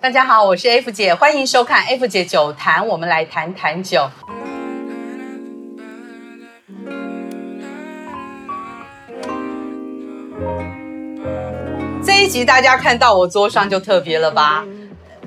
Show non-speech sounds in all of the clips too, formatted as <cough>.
大家好，我是 F 姐，歡迎收看 F 姐酒談，我們來談談酒。這一集大家看到我桌上就特別了吧？嗯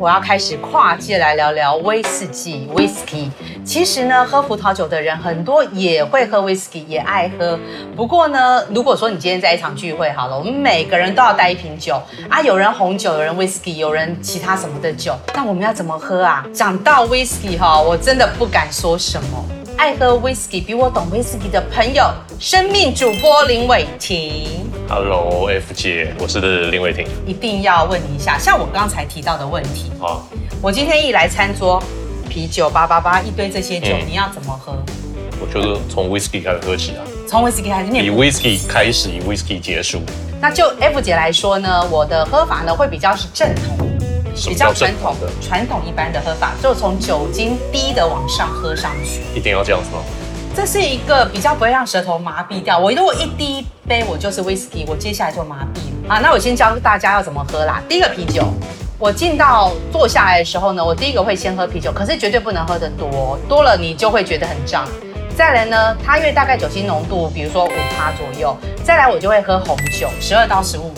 我要開始跨界來聊聊威士忌，威士忌其實呢，喝葡萄酒的人很多也會喝威士忌，也愛喝。不過呢，如果說你今天在一場聚會好了，我們每個人都要帶一瓶酒啊，有人紅酒，有人威士忌，有人其他什麼的酒，那我們要怎麼喝啊？講到威士忌，哈，我真的不敢說什麼。愛喝威士忌比我懂威士忌的朋友，生命主播林煒珽，請。Hello，F 姐，我是林煒珽。一定要問你一下，像我剛才提到的問題啊，我今天一來餐桌，啤酒、八八八一堆這些酒，嗯，你要怎麼喝？我覺得從 whisky 開始喝起啊，從 whisky 開始，以 whisky 開始，以 whisky 結束。那就 F 姐來說呢，我的喝法呢會比較是正統，比較傳統，統的傳統一般的喝法，就從酒精低的往上喝上去。一定要這樣子嗎？這是一個比較不會讓舌頭麻痹掉。我如果一滴一杯，我就是威士忌，我接下來就麻痹了啊。那我先教大家要怎麼喝啦。第一個啤酒，我進到坐下來的時候呢，我第一個會先喝啤酒，可是絕對不能喝得多，多了你就會覺得很脹。再來呢，它，因為大概酒精濃度，比如說五趴左右。再來我就會喝紅酒，十二到十五，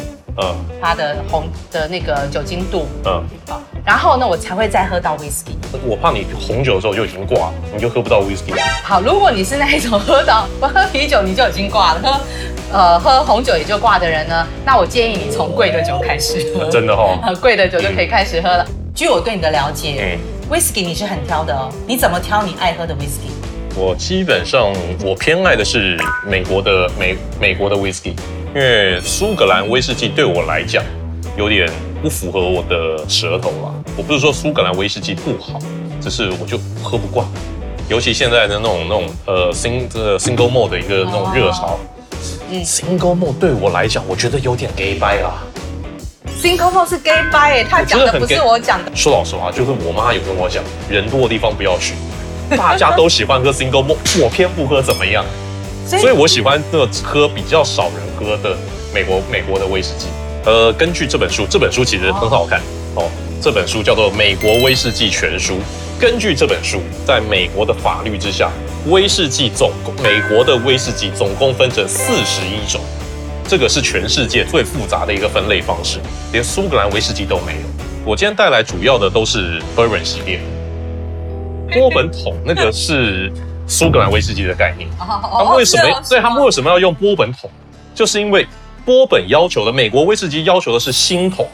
它的紅的那個酒精度，嗯、uh.。然後呢，我才會再喝到威士忌。我怕你紅酒的時候就已經掛了，你就喝不到威士忌。好，如果你是那一種喝到不喝啤酒你就已經掛了，喝，呃，喝紅酒也就掛的人呢，那我建議你從貴的酒開始喝。真的哦， <laughs> 貴的酒就可以開始喝了。嗯，據我對你的了解，嗯，威士忌你是很挑的哦。你怎麼挑你愛喝的威士忌？我基本上我偏愛的是美國的美美國的威士忌，因為蘇格蘭威士忌對我來講，有點不符合我的舌頭了。我不是說蘇格蘭威士忌不好，只是我就喝不慣。尤其現在的那種那種呃，新這 single、呃、malt 的一個那種熱潮 oh, oh, oh.、嗯、，single malt 對我來講，我覺得有點假掰啦。single malt 是假掰，、欸、他講的不是我講的我，說老實話，就是我媽有跟我講，人多的地方不要去。大家都喜歡喝 single malt <laughs> 我偏不喝，怎麼樣？所以，所以我喜歡喝比較少人喝的美國美國的威士忌。呃，根據這本書，這本書其實很好看哦。這本書叫做《美國威士忌全書》。根據這本書，在美國的法律之下，威士忌總共，美國的威士忌總共分成四十一種，這個是全世界最複雜的一個分類方式，連蘇格蘭威士忌都沒有。我今天帶來主要的都是波本系列，波本桶那個是蘇格蘭威士忌的概念。他們為什麼？所以他們為什麼要用波本桶？就是因為。波本要求的，美國威士忌要求的是新桶，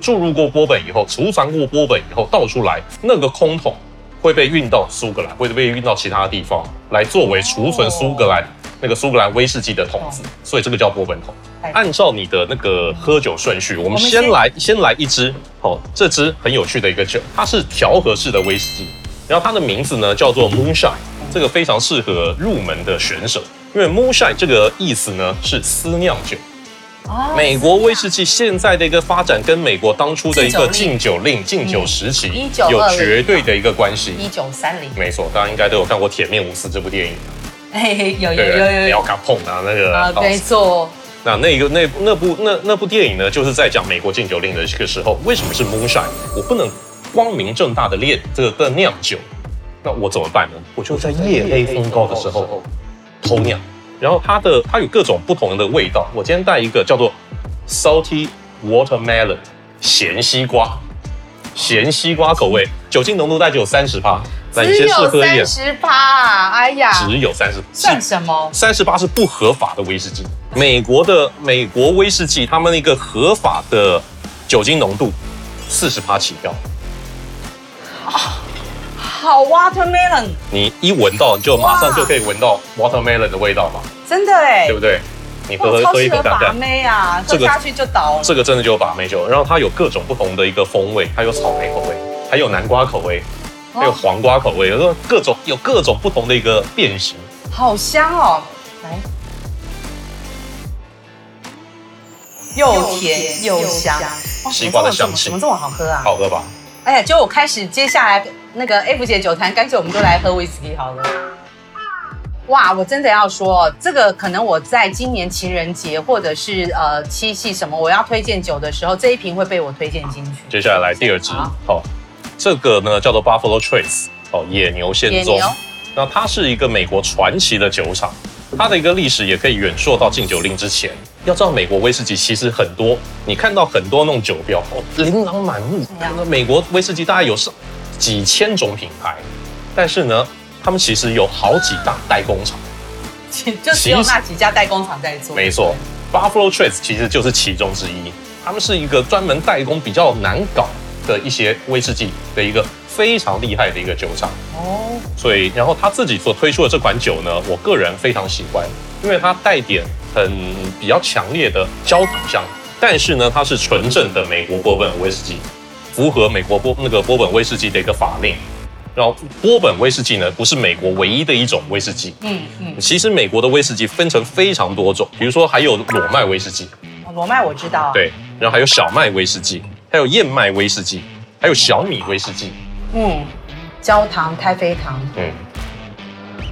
注入過波本以後，儲藏過波本以後，倒出來那個空桶會被運到蘇格蘭，會被運到其他的地方來作為儲存蘇格蘭、哦、那個蘇格蘭威士忌的桶子，所以這個叫波本桶。按照你的那個喝酒順序，我們先來先來一支，哦，這支很有趣的一個酒，它是調和式的威士忌，然後它的名字呢叫做 Moonshine，這個非常適合入門的選手。因為 moonshine 這個意思呢是私釀酒、哦。美國威士忌現在的一個發展跟美國當初的一個禁酒令、禁酒、嗯、禁酒時期，有絕對的一個關係。一九三零。沒錯，大家應該都有看過《鐵面無私》這部電影啊。有有有有。沒有卡碰啊，那個。啊、沒錯。那那個那那部那部那、那部電影呢，就是在講美國禁酒令的一個時候，為什麼是 moonshine？我不能光明正大的練這個的釀酒，那我怎麼辦呢？我就在夜黑風高的時候。偷釀，然後它的它有各種不同的味道。我今天帶一個叫做 salty watermelon，鹹西瓜，鹹西瓜口味，酒精濃度大概只有三十趴。那你先試喝一下。只有三十趴，哎呀，只有三十，算什麼？三十趴是不合法的威士忌。美國的美國威士忌，它們那個合法的酒精濃度，四十趴起跳。啊好 watermelon，你一聞到你就馬上就可以聞到 watermelon 的味道嘛？真的哎，對不對？你喝喝喝，喝一口把妹，啊這個蛋蛋啊，喝下去就倒了，這個真的就把妹酒。然後它有各種不同的一個風味，它有草莓口味，還有南瓜口味，還有黃瓜口味，有、哦、各種有各種不同的一個變形。好香哦，來，又甜又香,又甜又香，西瓜的香氣，怎麼,麼,麼這麼好喝啊？好喝吧？哎呀，就我開始接下來。那個 F 姐酒壇，乾脆我們都來喝威士忌好了。哇，我真的要說，這個可能我在今年情人節或者是呃七夕什麼，我要推薦酒的時候，這一瓶會被我推薦進去。接下來來第二支，好、哦，這個呢叫做 Buffalo Trace，哦，野牛仙蹤。那它是一個美國傳奇的酒廠，它的一個歷史也可以遠溯到禁酒令之前。嗯、要知道美國威士忌其實很多，你看到很多那種酒標，哦、琳琅滿目、嗯。那美國威士忌大概有上。幾千種品牌，但是呢，他們其實有好幾大代工廠，就只有那幾家代工廠在做。沒錯，Buffalo Trace 其實就是其中之一。他們是一個專門代工比較難搞的一些威士忌的一個非常厲害的一個酒廠。哦、oh.，所以然後他自己所推出的這款酒呢，我個人非常喜歡，因為它帶點很比較強烈的焦糖香，但是呢，它是純正的美國波本威士忌。符合美國波那個波本威士忌的一個法令。然後波本威士忌呢，不是美國唯一的一種威士忌，嗯嗯，其實美國的威士忌分成非常多種，比如說還有裸麥威士忌。哦，裸麥我知道。對，然後還有小麥威士忌，還有燕麥威士忌，還有小米威士忌，嗯，焦糖、太妃糖，嗯。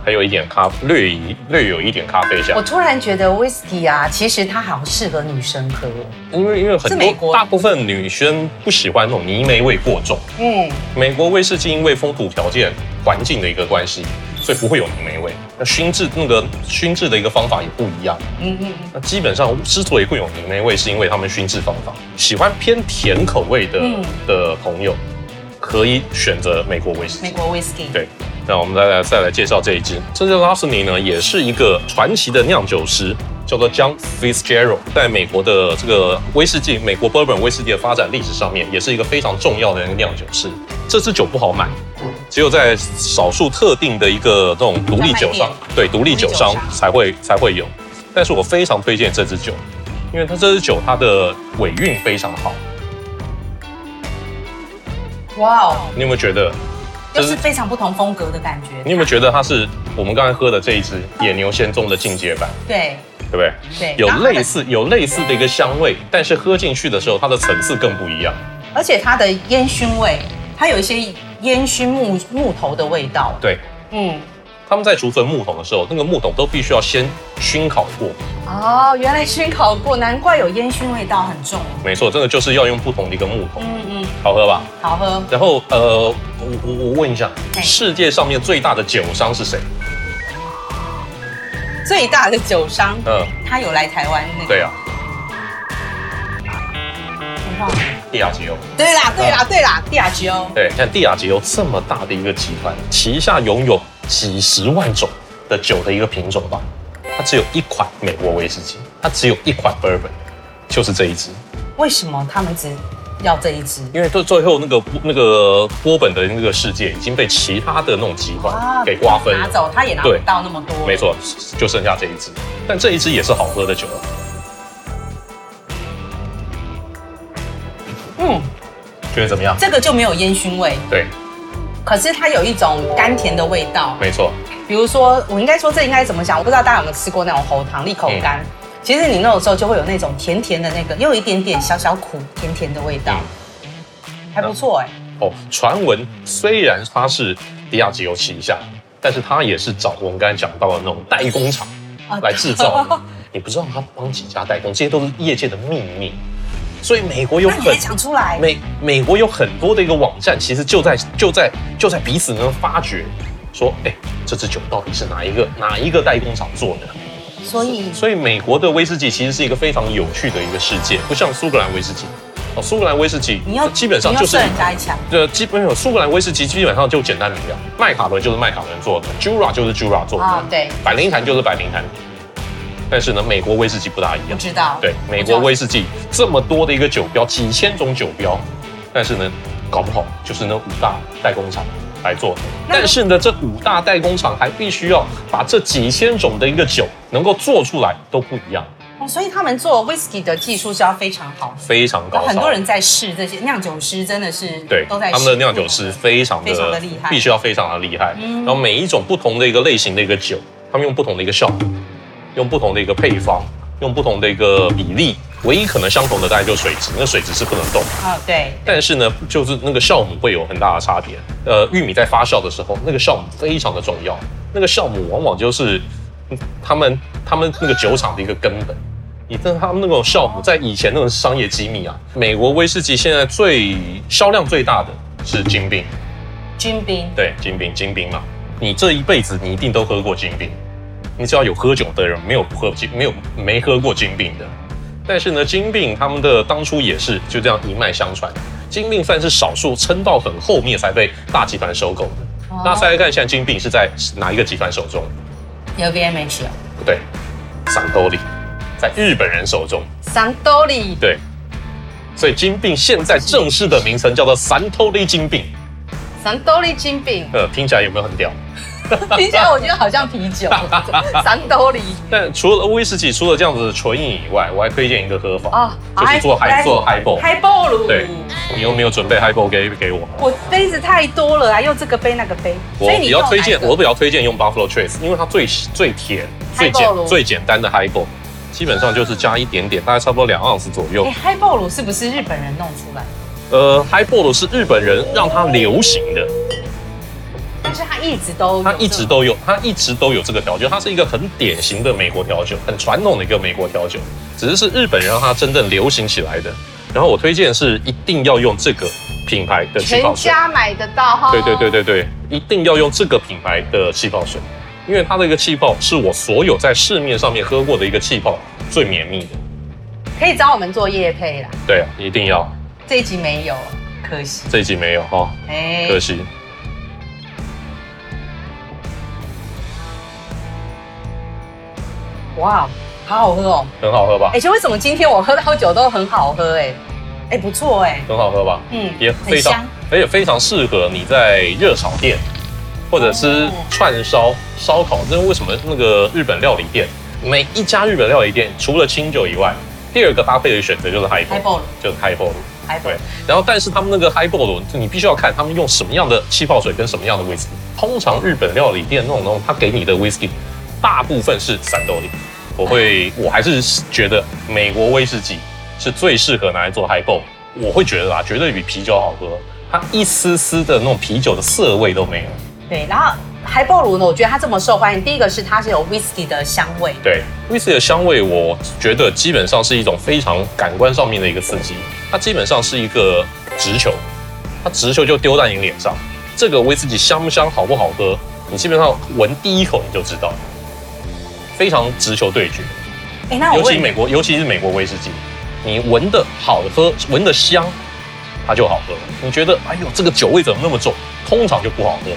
還有一點咖啡，略一略有一點咖啡香。我突然覺得威士忌啊，其實它好適合女生喝，因為因為很多美國大部分女生不喜歡那種泥煤味過重。嗯，美國威士忌因為風土條件、環境的一個關係，所以不會有泥煤味。那燻制那個燻制的一個方法也不一樣。嗯嗯，那基本上之所以會有泥煤味，是因為他們燻制方法。喜歡偏甜口味的的朋友。嗯可以選擇美國威士忌，美國威士忌。對，那我們再來再來介紹這一支，這支拉斯尼呢，也是一個傳奇的釀酒師，叫做 John Fitzgerald，在美國的這個威士忌，美國 Bourbon 波本威士忌的發展歷史上面，也是一個非常重要的一個釀酒師。這支酒不好買，只有在少數特定的一個這種獨立酒商，對，獨立酒商才會才會，才會有。但是我非常推薦這支酒，因為它這支酒它的尾韻非常好。哇哦！你有沒有覺得，就是，就是非常不同風格的感覺？你有沒有覺得它是我們剛才喝的這一支野牛仙蹤的進階版，哦？對，對不對？對，有類似有類似的一個香味，但是喝進去的時候，它的層次更不一樣。而且它的煙燻味，它有一些煙燻木木頭的味道。對，嗯。他們在儲存木桶的時候，那個木桶都必須要先燻烤過。哦，原來燻烤過，難怪有煙燻味道很重。沒錯，真的就是要用不同的一個木桶。嗯嗯，好喝吧？好喝。然後呃，我我我問一下，世界上面最大的酒商是誰？最大的酒商？嗯，他有來台灣那個？對啊。我忘了。帝亞吉歐。對啦對啦對啦，帝亞吉歐。對，像帝亞吉歐這麼大的一個集團，旗下擁有。幾十萬種的酒的一個品種吧，它只有一款美國威士忌，它只有一款 Bourbon，就是這一支。為什麼他們只要這一支？因為最最後那個那個波本的那個世界已經被其他的那種集團給瓜分、啊、拿走，他也拿不到那麼多。沒錯，就剩下這一支，但這一支也是好喝的酒。嗯，覺得怎麼樣？這個就沒有煙熏味。對。可是它有一種甘甜的味道，沒錯。比如說，我應該說這應該怎麼講？我不知道大家有沒有吃過那種喉糖利口干、嗯、其實你那種時候就會有那種甜甜的那個，又有一點點小小苦，甜甜的味道，嗯、還不錯哎、欸啊。哦，傳聞雖然它是帝亞吉歐旗下，但是它也是找我們剛才講到的那種代工廠來製造的。你、哦、 <laughs> 不知道他幫幾家代工，這些都是業界的秘密。所以美國有很美美國有很多的一個網站，其實就在就在就在彼此能發掘，說、欸、哎，這支酒到底是哪一個哪一個代工廠做的、啊？所以所以,所以美國的威士忌其實是一個非常有趣的一個世界，不像蘇格蘭威士忌。哦，蘇格蘭威士忌，你要基本上就是,是、啊、基本上蘇格蘭威士忌基本上就簡單明了，麥卡倫就是麥卡倫做的，Jura 就是 Jura 做的，哦、對，百齡罈就是百齡罈。但是呢，美國威士忌不大一樣。不知道。對，美國威士忌這麼多的一個酒標，幾千種酒標，但是呢，搞不好就是那五大代工廠來做的。但是呢，這五大代工廠還必須要把這幾千種的一個酒能夠做出來都不一樣。哦，所以他們做威士忌的技術是要非常好，非常高。很多人在試這些釀酒師真的是對，都在他們的釀酒師非常，非常的厲害，必須要非常的厲害。嗯。然後每一種不同的一個類型的一個酒，他們用不同的一個效果，用不同的一個配方，用不同的一個比例，唯一可能相同的大概就是水質，那水質是不能動啊、Oh。對。但是呢，就是那個酵母會有很大的差別。呃，玉米在發酵的時候，那個酵母非常的重要。那個酵母往往就是他們他們那個酒廠的一個根本。你知道他們那種酵母，在以前那種商業機密啊。美國威士忌現在最銷量最大的是金冰。金冰。對，金冰，金冰嘛，你這一輩子你一定都喝過金冰。你知道有喝酒的人沒有喝金賓沒有沒喝過金賓的，但是呢，金賓他們的當初也是就這樣一脈相傳。金賓算是少數撐到很後面才被大集團收購的。哦。那再來看，現在金賓是在哪一個集團手中？有 VMH 啊？不對，三得利在日本人手中。三得利對，所以金賓現在正式的名稱叫做三得利金賓。三得利金賓，呃，聽起來有沒有很屌？聽起來我覺得好像啤酒，藏兜裡 <laughs> 但除了威士忌，除了這樣子的純飲以外，我還推薦一個喝法啊，oh, 就是做 Highball。Highball？對，你有沒有準備 Highball 給給我？我杯子太多了啊，用這個杯那個杯。我所比較推薦，我都比較推薦用 Buffalo Trace，因為它最最甜，最簡，最簡單的 Highball，基本上就是加一點點，大概差不多兩盎司左右。哎，Highball 是不是日本人弄出來的？呃，Highball 是日本人讓它流行的。一直都，它一直都有，它一直都有，直都有這個調酒，它是一個很典型的美國調酒，很傳統的一個美國調酒，只是是日本人讓它真正流行起來的。然後我推薦是一定要用這個品牌的氣泡水，全家買得到哈、哦。對對對對對，一定要用這個品牌的氣泡水，因為它這個氣泡是我所有在市面上面喝過的一個氣泡最綿密的。可以找我們做業配啦。對啊，一定要。這一集沒有，可惜。這一集沒有哈，哎、哦欸，可惜。哇、wow，好好喝哦，很好喝吧？而、欸、且為什麼今天我喝到酒都很好喝、欸？哎，哎，不錯哎、欸，很好喝吧？嗯，也非常香，而且非常適合你在熱炒店或者是串燒、燒、哦、烤。那為、為什麼那個日本料理店，每一家日本料理店除了清酒以外，第二個搭配的選擇就是 highball，highball 就是 highball，highball 對。然後但是他們那個 highball，你必須要看他們用什麼樣的氣泡水跟什麼樣的 whisky。通常日本料理店那種那種，他給你的 whiskey。大部分是三得利，我會、嗯，我還是覺得美國威士忌是最適合拿來做 Highball。我會覺得啊，絕對比啤酒好喝，它一絲絲的那種啤酒的澀味都沒有。對，然後 Highball 呢，我覺得它這麼受歡迎，第一個是它是有威士忌的香味。對，威士忌的香味，我覺得基本上是一種非常感官上面的一個刺激。它基本上是一個直球，它直球就丟在你臉上。這個威士忌香不香，好不好喝，你基本上聞第一口你就知道。非常直球對決，哎，那我問，尤其美國，尤其是美國威士忌，你聞得好喝，聞得香，它就好喝。你覺得，哎呦，這個酒味怎麼那麼重？通常就不好喝了。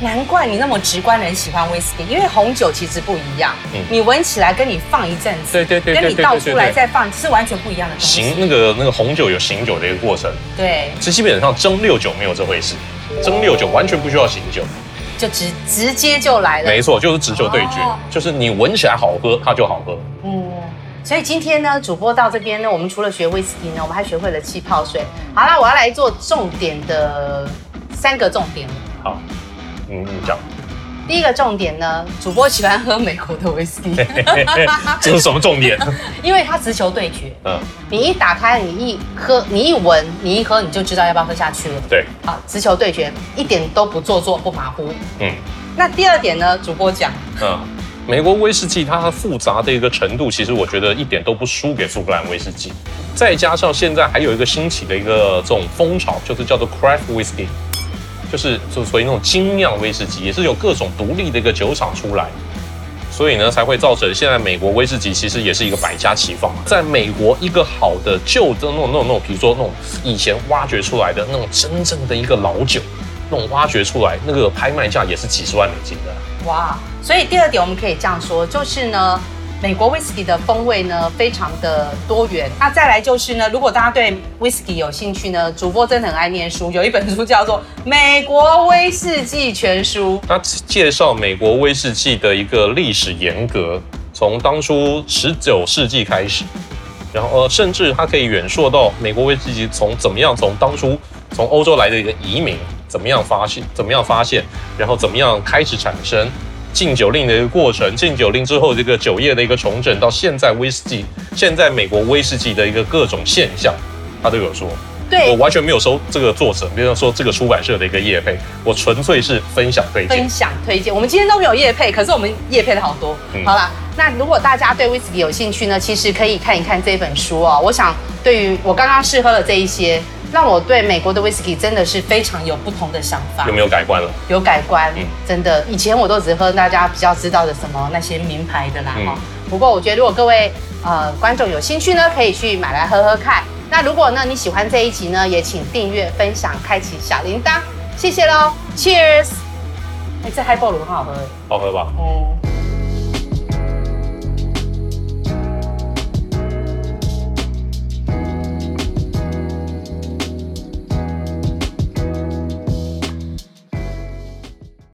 難怪你那麼直觀的人喜歡威士忌，因為紅酒其實不一樣。嗯，你聞起來跟你放一陣子，對對跟你倒出來再放是完全不一樣的。醒，那個那個紅酒有醒酒的一個過程，對，其實基本上蒸餾酒沒有這回事，蒸餾酒完全不需要醒酒。就直直接就來了，沒錯，就是直球對決，哦，就是你聞起來好喝，它就好喝。嗯，所以今天呢，主播到這邊呢，我們除了學威士忌呢，我們還學會了氣泡水。好了，我要來做重點的三個重點。好，嗯，你講。第一個重點呢，主播喜歡喝美國的威士忌， <laughs> <laughs> 這是什麼重點？ <laughs> 因為它直球對決，嗯，你一打開，你一喝，你一聞，你一喝，你就知道要不要喝下去了。對，好，啊，直球對決，一點都不做作，不馬虎。嗯，那第二點呢，主播講，嗯，美國威士忌它複雜的一個程度，其實我覺得一點都不輸給蘇格蘭威士忌，再加上現在還有一個興起的一個這種風潮，就是叫做 craft whiskey。就是，就所以那種精釀威士忌也是有各種獨立的一個酒廠出來，所以呢才會造成現在美國威士忌其實也是一個百家齊放嘛。在美國，一個好的舊的那種那種那種，比如說那種以前挖掘出來的那種真正的一個老酒，那種挖掘出來那個拍賣價也是幾十萬美金的。哇，所以第二點我們可以這樣說，就是呢。美國威士忌的風味呢，非常的多元。那再來就是呢，如果大家對威士忌有興趣呢，主播真的很愛念書，有一本書叫做《美國威士忌全書》，它介紹美國威士忌的一個歷史沿革，從當初十九世紀開始，然後呃，甚至它可以遠溯到美國威士忌從怎麼樣，從當初從歐洲來的一個移民，怎麼樣發現，怎麼樣發現，然後怎麼樣開始產生，禁酒令的一個過程，禁酒令之後這個酒業的一個重整，到現在威士忌，現在美國威士忌的一個各種現象，他都有說。對，我完全沒有收這個作者，沒有說這個出版社的一個業配，我純粹是分享推薦。分享推薦，我們今天都沒有業配，可是我們業配了好多。嗯、好了，那如果大家對威士忌有興趣呢，其實可以看一看這本書啊、哦。我想，對於我剛剛試喝了這一些。讓我對美國的威士忌真的是非常有不同的想法。有沒有改觀了？有改觀，嗯、真的，以前我都只喝大家比較知道的什麼那些名牌的啦，哈、嗯。不過我覺得如果各位呃觀眾有興趣呢，可以去買來喝喝看。那如果呢，你喜歡這一集呢，也請訂閱、分享、開啟小鈴鐺，謝謝嘍。Cheers！這次 Highball 很好喝，好喝吧？嗯、哦。